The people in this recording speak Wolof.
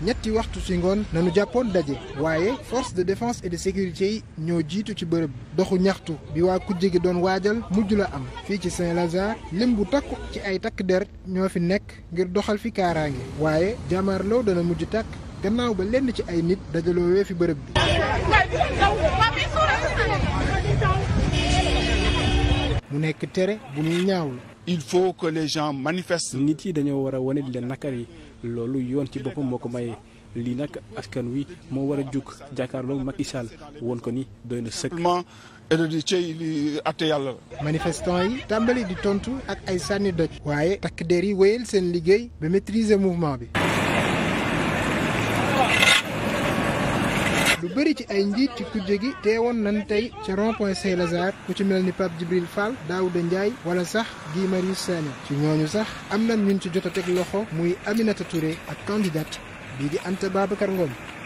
ñetti waxtu ci ngoon nanu jàppoon daje waaye force de défense et de sécurité yi ñoo jiitu ci bërëb doxu ñaxtu bi waa kujje gi doon waajal mujj la am fii ci Saint-Lazare lim bu takku ci ay takk der ñoo fi nekk ngir doxal fi kaaraange waaye jàmmaarloo dana mujj tàkk gannaaw ba lenn ci ay nit dajaloo wee fi bërëb bi. mu nekk tere bu ñuy ñaawlu. il faut que les gens nit yi dañoo war a wane di leen nakar yi loolu yoon ci boppam moo ko mayee lii nag askan wi moo war a jug jàkkaarloo Macky Sall woon ko ni doy na sëkk. di cey yàlla la. manifestant yi tàmbali di tontu ak ay sànni doj. waaye takk der yi wéyal seen liggéey ba maîtriser mouvement bi. lu bëri ci ay njiit ci kujje gi teewoon nañ tey ca rond point saint ku ci mel ni Pape Djibril Fall Daouda Ndiaye wala sax Guy Marius Sagna ci ñooñu sax am na ñun ci jot a teg loxo muy Aminata ture ak candidate bii di Anta Babacar Ngom